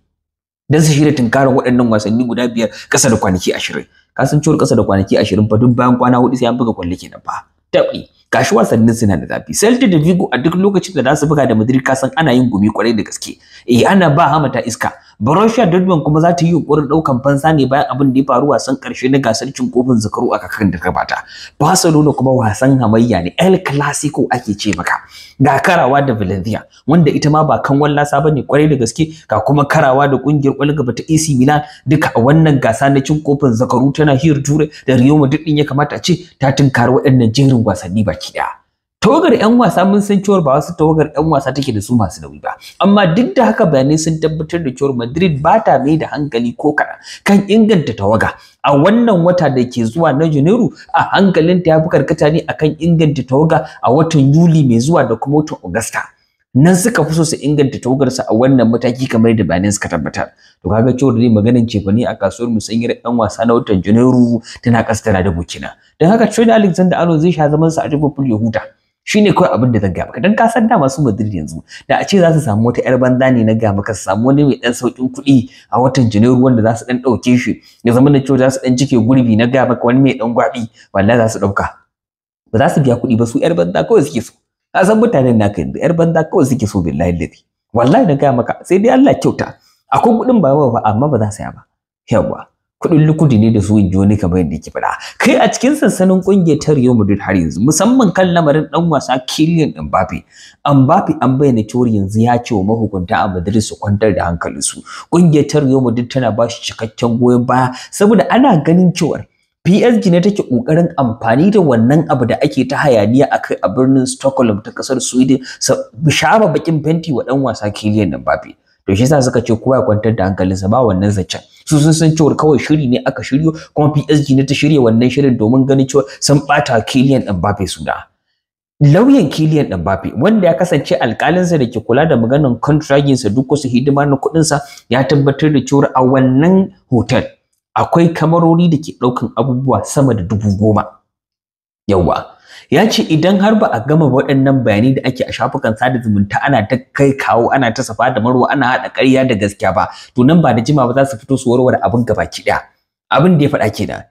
dan su shirya tunkarar waɗannan wasanni guda biyar ƙasa da kwanaki ashirin kasancewar ƙasa da kwanaki ashirin fa duk bayan kwana hudu sai an buga kwalli kenan fa tabi gashi wasannin suna da zafi Celtic da Vigo a duk lokacin da za su buga da Madrid kasan ana yin gumi kwarai da gaske eh ana ba hamata iska Borussia Dortmund kuma za ta yi yunkurin ɗaukan fansa ne bayan abin da ya faru wasan ƙarshe na gasar cin kofin zakaru a kakan da gabata. Barcelona kuma wasan hamayya ne El Clasico ake ce maka. Ga karawa da Valencia wanda ita ma ba kan wallasa bane kwarai da gaske ga kuma karawa da kungiyar ƙwallon gaba ta AC Milan duka a wannan gasa na cin kofin zakaru tana hiyar jure da Real Madrid din ya kamata a ce ta tunkari waɗannan jerin wasanni baki ɗaya. tawagar 'yan wasa mun san cewar ba wasu tawagar 'yan wasa take da su masu nauyi ba amma duk da haka bayanai sun tabbatar da cewar madrid ba ta mai da hankali ko kaɗan kan inganta tawaga a wannan wata da ke zuwa na janairu a hankalin ta yafi karkata ne akan inganta tawaga a watan yuli mai zuwa da kuma watan augusta nan suka fi so su inganta tawagarsa a wannan mataki kamar da bayanan suka tabbatar to kaga cewa maganan maganin cefane a kasuwar musanyar 'yan wasa na watan janairu tana tana da bukina don haka Trent Alexander Arnold zai sha zaman sa a Liverpool ya huta shine kawai abin da zan gaya maka dan ka san da masu Madrid yanzu da a ce za su samu wata yar banza ne na gaya maka su samu wani mai dan saukin kuɗi a watan Janairu wanda za su dan dauke shi ya zama da cewa za su dan cike gurbi na gaya maka wani mai dan gwabi wallahi za su dauka ba za su biya kuɗi ba su yar banza kawai suke so ka san mutanen naka yanzu yar banza kawai suke so billahi ladi wallahi na gaya maka sai dai Allah kyauta akwai kuɗin ba ba amma ba za su ya ba yawa Kudin lukudi ne da su inji wani kamar yadda yake fada kai a cikin sansanin kungiyar ta Real Madrid har yanzu musamman kan lamarin dan wasa Kylian Mbappe Mbappe an bayyana cewa yanzu ya ce wa mahukunta a Madrid su kwantar da su su. ta Real Madrid tana ba shi cikakken goyon baya saboda ana ganin cewa PSG ne take kokarin amfani da wannan abu da ake ta hayaniya a kai a birnin Stockholm ta kasar Sweden su bishara bakin fenti wa dan wasa Kylian Mbappe to shi yasa suka ce kowa ya kwantar da hankalinsa ba wannan zancen su sun san cewa kawai shiri ne aka shiryo kuma PSG ne ta shirya wannan shirin domin ganin cewa sun bata Kylian Mbappe da. lauyan Kylian Mbappe wanda ya kasance alƙalinsa da ke kula da maganan sa duk wasu hidima na sa ya tabbatar da cewa a wannan hotel akwai kamarori da ke ɗaukan abubuwa sama da dubu goma yawwa ya ce idan har ba a gama waɗannan bayanai da ake a shafukan sada zumunta ana ta kai kawo ana ta safa da marwa ana haɗa ƙarya da gaskiya ba to nan ba da jima ba za su fito su warware abin gaba ki ɗaya abin da ya faɗa kenan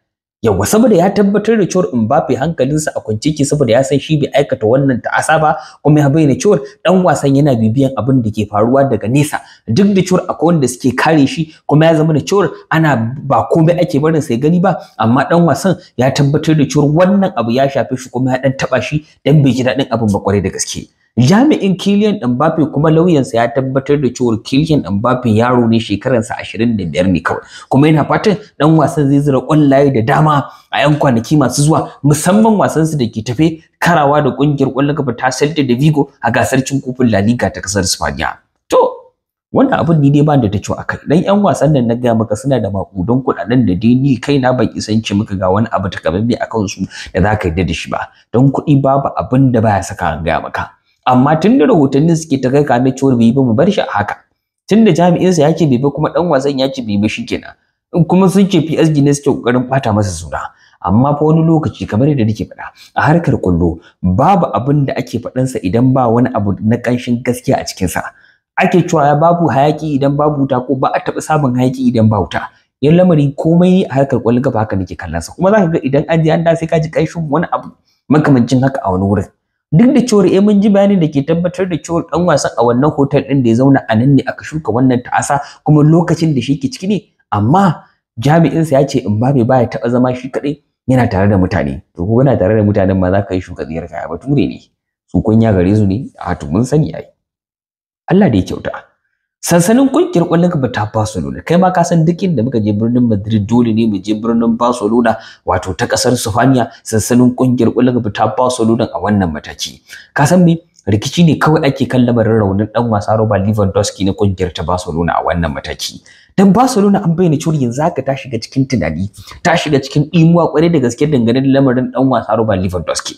yawa saboda ya tabbatar da cewar Mbappe hankalinsa a kwance yake saboda ya san shi bai aikata wannan ta'asa ba kuma ya bayyana cewar dan wasan yana bibiyan abin da ke faruwa daga nesa duk da cewar akwai wanda suke kare shi kuma ya zama da cewar ana ba komai ake barin sai gani ba amma dan wasan ya tabbatar da cewar wannan abu ya shafe shi kuma ya dan taba shi dan bai ji daɗin abin ba kwarai da gaske Jami'in Kylian Mbappe kuma lauyansa ya tabbatar da cewa Kylian Mbappe yaro ne shekararsa 25 ne kawai kuma yana fatan dan wasan zai zira kwallaye da dama a yan kwanaki masu zuwa musamman su da ke tafe karawa da kungiyar kwallon kafa ta Celta da Vigo a gasar cin kofin La Liga ta kasar Spain. To wannan abin ni dai ba da ta akai dan yan wasan nan na ga maka suna da makudan kudaden da dai ni kai na ban ce maka ga wani abu takamaimai akan su da zaka yarda da shi ba don kuɗi babu abin da baya saka ga maka amma tunda rahotanni suke ta kai ka na bai ba mu bar shi a haka Tunda jami'in jami'insa ya ce kuma dan wasan ya ce bai kenan. shikenan in kuma sun ce PSG ne suke kokarin bata masa suna amma fa wani lokaci kamar yadda nake faɗa a harkar kullo babu abin da ake faɗansa idan ba wani abu na ƙanshin gaskiya a cikinsa ake cewa babu hayaki idan babu wuta ko ba a taɓa samun hayaki idan ba wuta yan lamari komai a harkar kwallon gaba haka nake kallon sa kuma zaka ga idan an ji an sai ka ji ƙanshin wani abu makamancin haka a wani wurin duk da cewar eh mun ji bayanin da ke tabbatar da cewar dan wasan a wannan hotel din da ya zauna a nan ne aka shuka wannan ta'asa kuma lokacin da shi ke ciki ne amma jami'in sa ya ce in ba baya taba zama shi kadai yana tare da mutane to ko yana tare da mutanen ma za ka yi shuka tsiyar kaya bature ne su kun ya gare su ne a to mun sani ai Allah da ya kyauta sansanin kungiyar kwallon kafa ta Barcelona kai ma ka san duk inda muka je birnin Madrid dole ne mu je birnin Barcelona wato ta kasar Spain sansanin kungiyar kwallon kafa ta Barcelona a wannan mataki ka san me rikici ne kawai ake kan lamarin raunin dan wasa Robert Lewandowski na kungiyar ta Barcelona a wannan mataki. Dan Barcelona an bayyana cewa yanzu haka ta shiga cikin tunani, ta shiga cikin imuwa kwarai da gaske dangane da lamarin dan wasa Robert Lewandowski.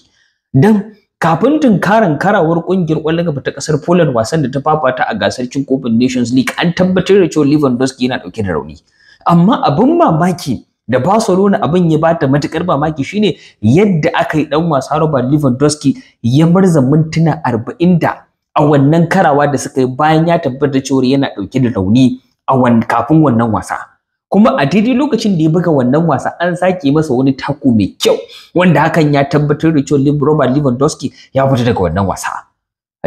Dan kafin tunkarin karawar kungiyar kwallon gaba ta ƙasar Poland wasan da ta fafata a gasar cin kofin Nations League an tabbatar da cewa Lewandowski yana dauke da rauni amma abin mamaki da Barcelona abin ya bata matukar mamaki shine yadda aka yi dan wasa Robert Lewandowski ya marza mintuna 40 da a wannan karawa da suka yi bayan ya tabbatar da cewa yana dauke da rauni a kafin wannan wasa kuma a daidai lokacin da ya buga wannan wasa an sake masa wani taku mai kyau wanda hakan ya tabbatar da cewa Robert Lewandowski ya fita daga wannan wasa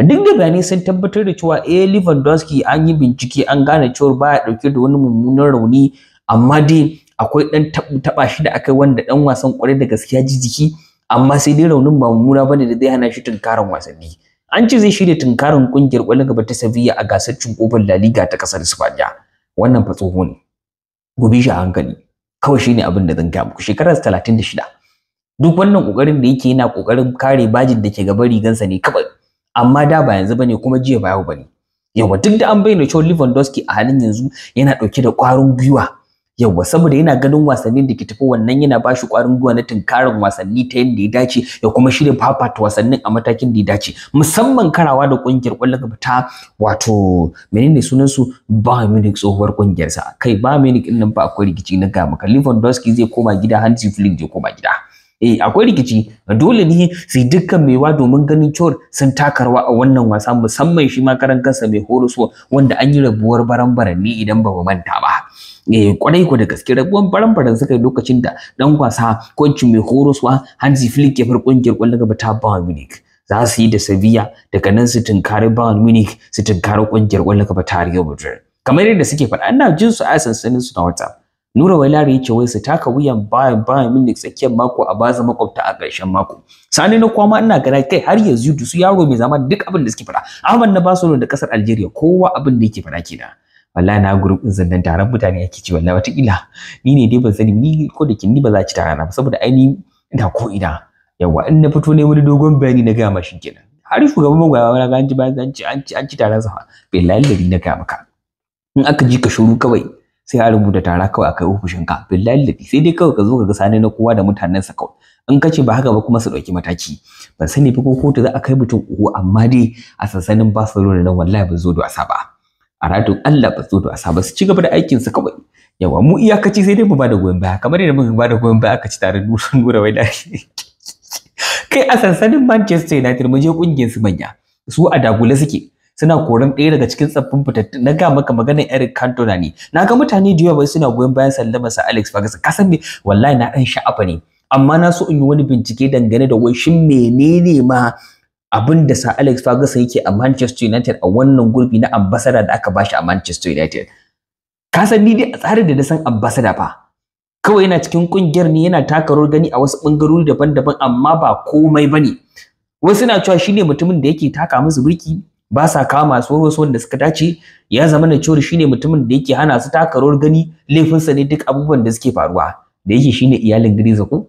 duk da bayanai sun tabbatar da cewa eh Lewandowski an yi bincike an gane cewa ya dauke da wani mummunan rauni amma dai akwai dan taba shi da akai wanda dan wasan kwarai da gaskiya ji jiki amma sai dai raunin ba mummuna bane da zai hana shi tunkarin wasanni an ce zai shirya tunkarin kungiyar kwallon gaba ta Sevilla a gasar cin kofar La Liga ta kasar Spain wannan fa tsoho ne Gubi shi a hankali kawai ne abin da zan gaya muku shekarar 36 duk wannan kokarin da yake yana kokarin kare bajin da ke gaban rigansa ne kawai amma da ba yanzu bane kuma jiya ba yau bane yawa duk da an bayyana cewa Lewandowski a halin yanzu yana dauke da kwarin gwiwa yawwa saboda yana ganin wasannin da ke tafi wannan yana ba shi ƙwarin gwiwa na tunkarin wasanni ta yadda ya dace ya kuma shirya fafata wasannin a matakin da ya dace musamman karawa da ƙungiyar ƙwallon gaba ta wato menene sunan su ba Munich tsohuwar ƙungiyar sa kai ba Munich din nan ba akwai rikici na ga maka Lewandowski zai koma gida Hansi Flick zai koma gida eh akwai rikici dole ne su yi dukkan mewa domin ganin cewar sun taka rawa a wannan wasa musamman shi ma karan kansa mai horoswa wanda an yi rabuwar baran-baran ne idan ba manta ba Eh, kwarai kwa da gaske rabuwan baran-baran suka lokacin da dan kwasa kwanci mai horoswa Hansi Flick ya bar kungiyar kwallon gaba ta Bayern Munich za su yi da Sevilla daga nan su tunkari Bayern Munich su tunkari kungiyar kwallon gaba ta Real Madrid kamar yadda suke faɗa ina jin su a sansanin su na wata Nura Wailari yace wai su taka wuyan bayan bayan Munich tsakiyar mako a baza makwabta a ƙarshen mako. Sani na kwama ina gara kai har yanzu su yaro mai zama duk abin da suke faɗa. Ahmad na Barcelona da ƙasar Algeria kowa abin da yake faɗa kenan. wallahi na group din zannan taron mutane ake ci wallahi wataƙila ni ne dai ban sani ni ko da kin ni ba za ci taron ba saboda ainihin ina ko ina yawa in na fito ne wani dogon bayani na gama shi kenan har shugaban magoya wani ga an ci an ci an ci an ci taron sa bai na gama ka in aka ji ka shuru kawai sai a rubuta tara kawai akai ofishin ka bai lalari sai dai kawai ka zo ka ga sani na kowa da mutanen sa kawai in ka ce ba haka ba kuma su ɗauki mataki ban sani fa ko kotu za a kai mutum uku amma dai a sansanin Barcelona nan wallahi ba zo da wasa ba radon Allah ba su da ba su ci gaba da aikin su kawai yawa mu iyakaci sai dai mu bada goyon baya kamar yadda muka bada goyon baya aka ci tare nura nura wai da kai a sansanin Manchester United mu je kungiyar su manya su a dagula suke suna koran ɗaya daga cikin tsaffin fitattu na ga maka maganar Eric Cantona ne na ga mutane da yawa suna goyon bayan sallama sa Alex Ferguson kasan me wallahi na dan sha'afa ne amma na so in yi wani bincike dangane da wai shin menene ma abin da Sir Alex Ferguson yake a Manchester United a wannan gurbi na ambasada da aka bashi a Manchester United ka san ni dai a tsarin da na san ambasada fa kawai yana cikin kungiyar ne yana taka rawar gani a wasu bangarori daban-daban amma ba komai bane wasu na cewa shine mutumin da yake taka musu birki ba sa kawo masu wasu wanda suka dace ya zama na cewa shine mutumin da yake hana su taka rawar gani laifinsa ne duk abubuwan da suke faruwa da yake shine iyalin Griezmann ko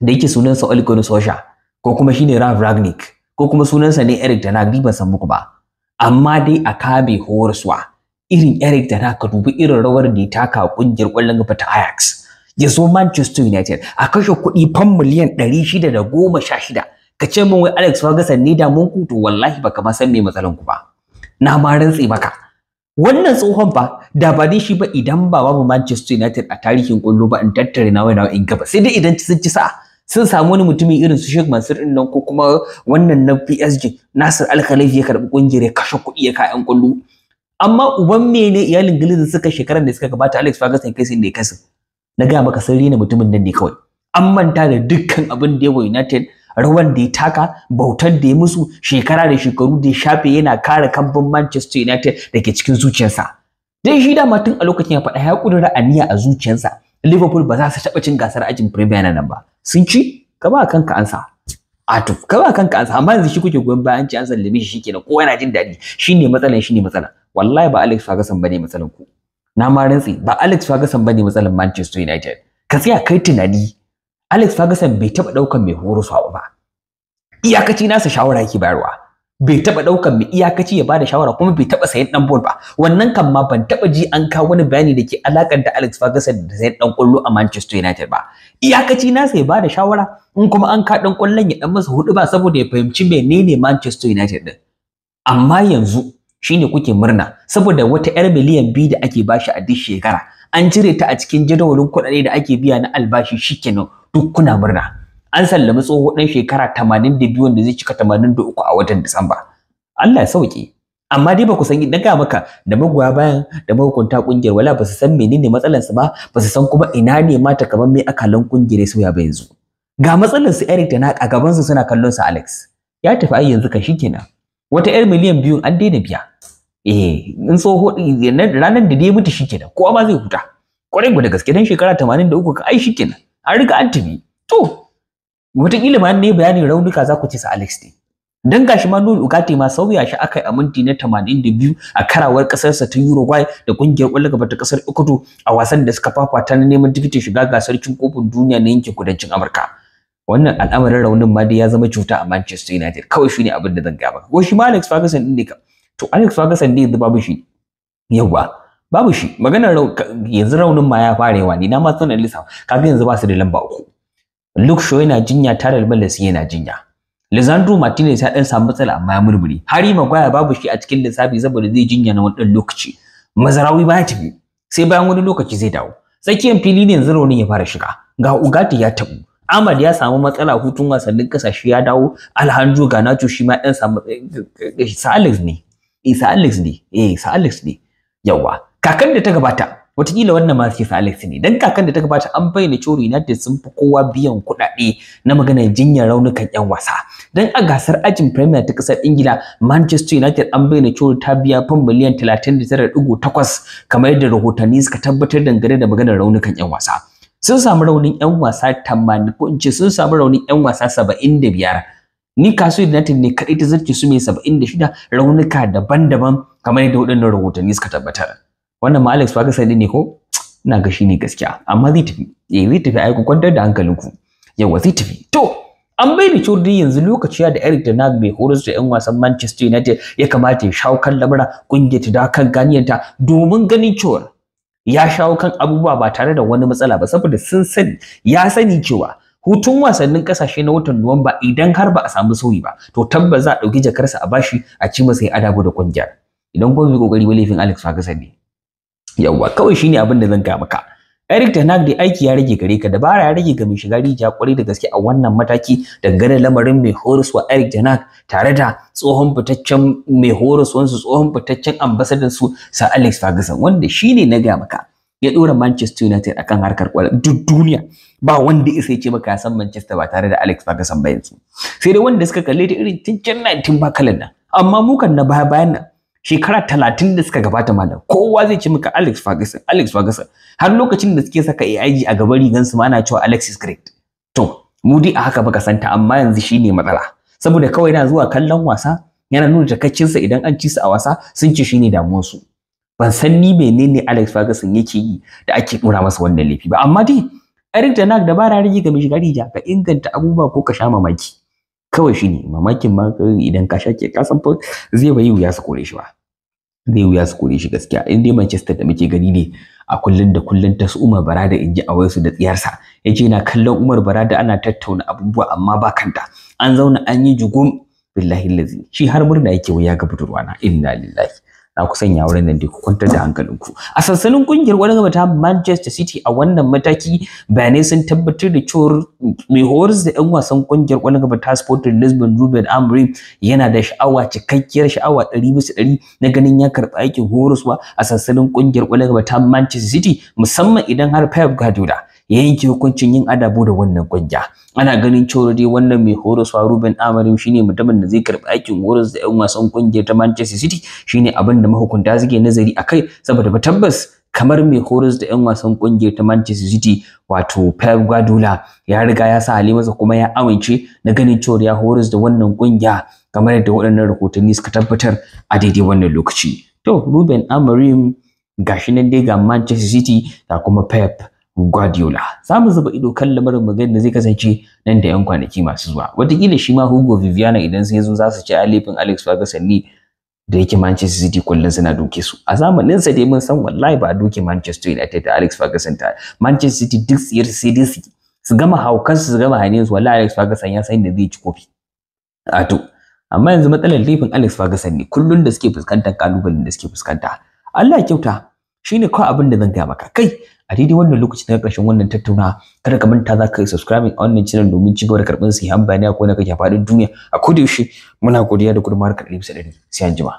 da yake sunansa Ole Gunnar Solskjaer ko kuma shine Ralf Ragnick ko kuma sunansa ne Eric Danak ni ban san muku ba amma dai a kabe horaswa irin Eric Danak ka dubi irin rawar da ya taka kungiyar kwallon gaba ta Ajax ya zo Manchester United a kashe kuɗi fan miliyan 616 ka ce min wai Alex Ferguson ne da mun ku to wallahi baka ma san me matsalan ku ba na ma rantsi maka wannan tsohon ba, da ba ni shi ba idan ba babu Manchester United a tarihin kwallo ba in tattare na wai na in gaba sai dai idan sun ci sa'a sun samu wani mutumin irin su Sheikh Mansur din nan ko kuma wannan na PSG Nasir Al-Khalifi ya karbi kungiyar kashe kuɗi ya kayan kullu amma uban me ne iyalin Gilizin suka shekarar da suka gabata Alex Ferguson kai sai da ya kasa na ga maka sirri ne mutumin nan ne kawai an manta da dukkan abin da ya United rawan da ya taka bautar da ya musu shekara da shekaru da ya shafe yana kare kambun Manchester United da ke cikin zuciyarsa dai shi dama tun a lokacin ya faɗa ya kudura aniya a zuciyarsa Liverpool ba za su taɓa cin gasar ajin Premier nan ba sun ci ka ba kanka ansa atuf ka ba kanka ansa amma yanzu shi kuke goyon bayan ci an sallame shi shikenan kowa yana jin daɗi shine matsalan shine matsala wallahi ba Alex Ferguson bane matsalan ku na ma rantsi ba Alex Ferguson bane matsalan Manchester United ka tsaya kai tunani Alex Ferguson bai taba daukan mai horo ba iyakaci nasa shawara yake bayarwa bai taba daukan mai iyakaci ya bada shawara kuma bai taba sayan dan ball ba wannan kan ma ban taba ji an kawo wani bayani da ke alakanta da Alex Ferguson da sayan dan kullu a Manchester United ba iyakaci na sai bada shawara in kuma an ka dan kullun ya dan masa hudu ba saboda ya fahimci menene Manchester United din amma yanzu shine kuke murna saboda wata yar miliyan biyu da ake bashi a duk shekara an cire ta a cikin jadawalin kuɗaɗe da ake biya na albashi shikenan duk kuna murna an sallami tsoho dan shekara 82 wanda zai cika 83 a watan Disamba Allah ya sauke amma dai ba ku san idan ga maka da magoya bayan da mahukunta kungiyar wala ba su san menene matsalar su ba ba su san kuma ina ne ma ta kaman me akalan kungiyar soya ba yanzu ga matsalar su Eric da na a gaban su suna kallon su Alex ya tafi ai yanzu ka shikenan wata yar miliyan biyu an daina biya eh in tsoho ranar da dai mutu shikenan kowa ma zai huta kwarai da gaske dan shekara 83 ka ai shikenan an riga an tafi to wataƙila ma ne bayanin raunuka za ku ce sa Alex ne dan gashi ma Nuno Ugarte ma sauya shi akai a minti na 82 a karawar kasarsa ta Uruguay da ƙungiyar ƙwallon gaba ta kasar Ecuador a wasan da suka fafata na neman tikitin shiga gasar cin kofin duniya na yankin kudancin Amurka wannan al'amarin raunin ma dai ya zama cuta a Manchester United kawai shine abin da zan ga ba ko shi ma Alex Ferguson din ne ka to Alex Ferguson ne babu shi yawa babu shi maganar yanzu raunin ma ya farewa ne na ma sanar lissa kafin yanzu ba su da lamba uku Luke Shaw yana jinya da Ballas yana jinya Lisandro Martinez ya dan samu matsala amma ya murmure Harry Maguire babu shi a cikin lissafi saboda zai jinya na wani lokaci Mazarawi ba ya tafi sai bayan wani lokaci zai dawo tsakiyar fili ne yanzu raunin ya fara shiga ga Ugati ya tabu Ahmad ya samu matsala hutun wasannin kasashe ya dawo Alhanjo Ganacho shi ma dan samu Alex eh, ne eh, Sir Alex ne eh Alex ne eh, yawa kakan da ta gabata Wataƙila wannan ma sai Alex ne. Dan kakan da ta gabata an bayyana cewa United sun fi kowa biyan kuɗaɗe na maganar jinyar raunukan ƴan wasa. Dan a gasar ajin Premier ta ƙasar Ingila, Manchester United an bayyana cewa ta biya fam miliyan 39.8 kamar yadda rahotanni suka tabbatar dangane da maganar raunukan ƴan wasa. Sun samu raunin ƴan wasa 80 ko in ce sun samu raunin ƴan wasa 75. ni kasu United ne kaɗai ta zarce su mai 76 raunuka daban-daban kamar yadda waɗannan rahotanni suka tabbatar. wannan ma Alex Ferguson sani ne ko ina ga shi ne gaskiya amma zai tafi eh zai tafi ai ku kwantar da hankalinku yawa zai tafi to an bai da yanzu lokaci da Eric Ten Hag bai horar da 'yan wasan Manchester United ya kamata ya shawo kan lamura kungiyar ta kan ganiyanta domin ganin cewa ya shawo kan abubuwa ba tare da wani matsala ba saboda sun sani ya sani cewa hutun wasannin kasashe na watan Nuwamba idan har ba a samu sauyi ba to tabbas za a ɗauki jakarsa a bashi a ci masa ya adabu da kungiyar idan kuma bai kokari ba laifin Alex Ferguson ne yawwa kawai shine abin da zan ga maka Eric Ten Hag da aiki ya rage gare ka dabara ya rage ga mai shiga rijiya kwarai da gaske a wannan mataki dangane lamarin mai horaswa Eric Ten Hag tare da tsohon fitaccen mai horaswansu tsohon fitaccen ambasadan su Sir Alex Ferguson wanda shine na ga maka ya dora Manchester United akan harkar kwallon duk duniya ba wanda isa ce maka san Manchester ba tare da Alex Ferguson ba yanzu sai dai wanda suka kalle ta irin tun can 19 ba kalan nan amma mu kan na baya bayan nan shekara talatin da suka gabata malam kowa zai ce maka Alex Ferguson Alex Ferguson har lokacin da suke saka AIG a gaban rigan su ana cewa Alex is great to mu dai a haka baka santa amma yanzu shine matsala saboda kawai yana zuwa kallon wasa yana nuna sa idan an ci su a wasa sun ce shine su ban san ni menene Alex Ferguson yake yi da ake dora masa wannan laifi ba amma dai Eric Ten Hag da bara ga mishigari ja ka inganta abubuwa ko ka sha mamaki kawai shi ne mamakin ma idan ka shake ka san fa zai bai wuya su kore shi ba zai wuya su kore shi gaskiya in dai Manchester da muke gani ne a kullun da kullun ta su Umar Barada in ji a wayarsu da tsiyarsa yace na kallon Umar Barada ana tattauna abubuwa amma ba kanta an zauna an yi jugum billahi lazi shi har murna yake wuya ga budurwana inna lillahi za ku sanya wurin nan dai ku kwantar da hankalinku a sansanin kungiyar wani gaba ta Manchester City a wannan mataki bayanai sun tabbatar da cewar mai horis da 'yan wasan kungiyar wani gaba ta Sporting Lisbon Ruben Amorim yana da sha'awa cikakkiyar sha'awa ɗari ɗari na ganin ya karɓi aikin horiswa a sansanin kungiyar wani gaba ta Manchester City musamman idan har Pep Guardiola ya yanke hukuncin yin adabu da wannan kungiya ana ganin cewa dai wannan mai horaswa Ruben amarin shine mutumin da zai karbi aikin horas da 'yan wasan kungiyar ta Manchester City shine abin da mahukunta suke nazari a kai saboda tabbas kamar mai horas da 'yan wasan kungiyar ta Manchester City wato Pep Guardiola ya riga ya sa masa kuma ya amince na ganin cewa ya horas da wannan kungiya kamar yadda waɗannan rahotanni suka tabbatar a daidai wannan lokaci to Ruben Amarin, gashi nan dai ga Manchester City da kuma Pep Guardiola. Za mu zuba ido kan lamarin mu da zai kasance nan da 'yan kwanaki masu zuwa. Wataƙila shi ma Hugo Viviana idan sun zo za su ci alifin Alex Ferguson ne da yake Manchester City kullum suna doke su. A zamanin sa dai mun san wallahi ba doke Manchester United da Alex Ferguson ta. Manchester City duk tsiyar sai dai su gama haukan su gama hanyar su wallahi Alex Ferguson ya san da zai ci kofi. A to amma yanzu matsalar laifin Alex Ferguson ne kullum da suke fuskantar kalubalen da suke fuskanta. Allah kyauta shine kawai abin da zan gaya maka kai a daidai wannan lokaci na karshen wannan tattauna kada ka manta za ka yi a wannan channel domin ci gaba da karɓar sahihan bayanai ko kowane kake faɗin duniya a kodayaushe muna godiya da gudunmawar ka ɗari bisa ɗari sai an jima.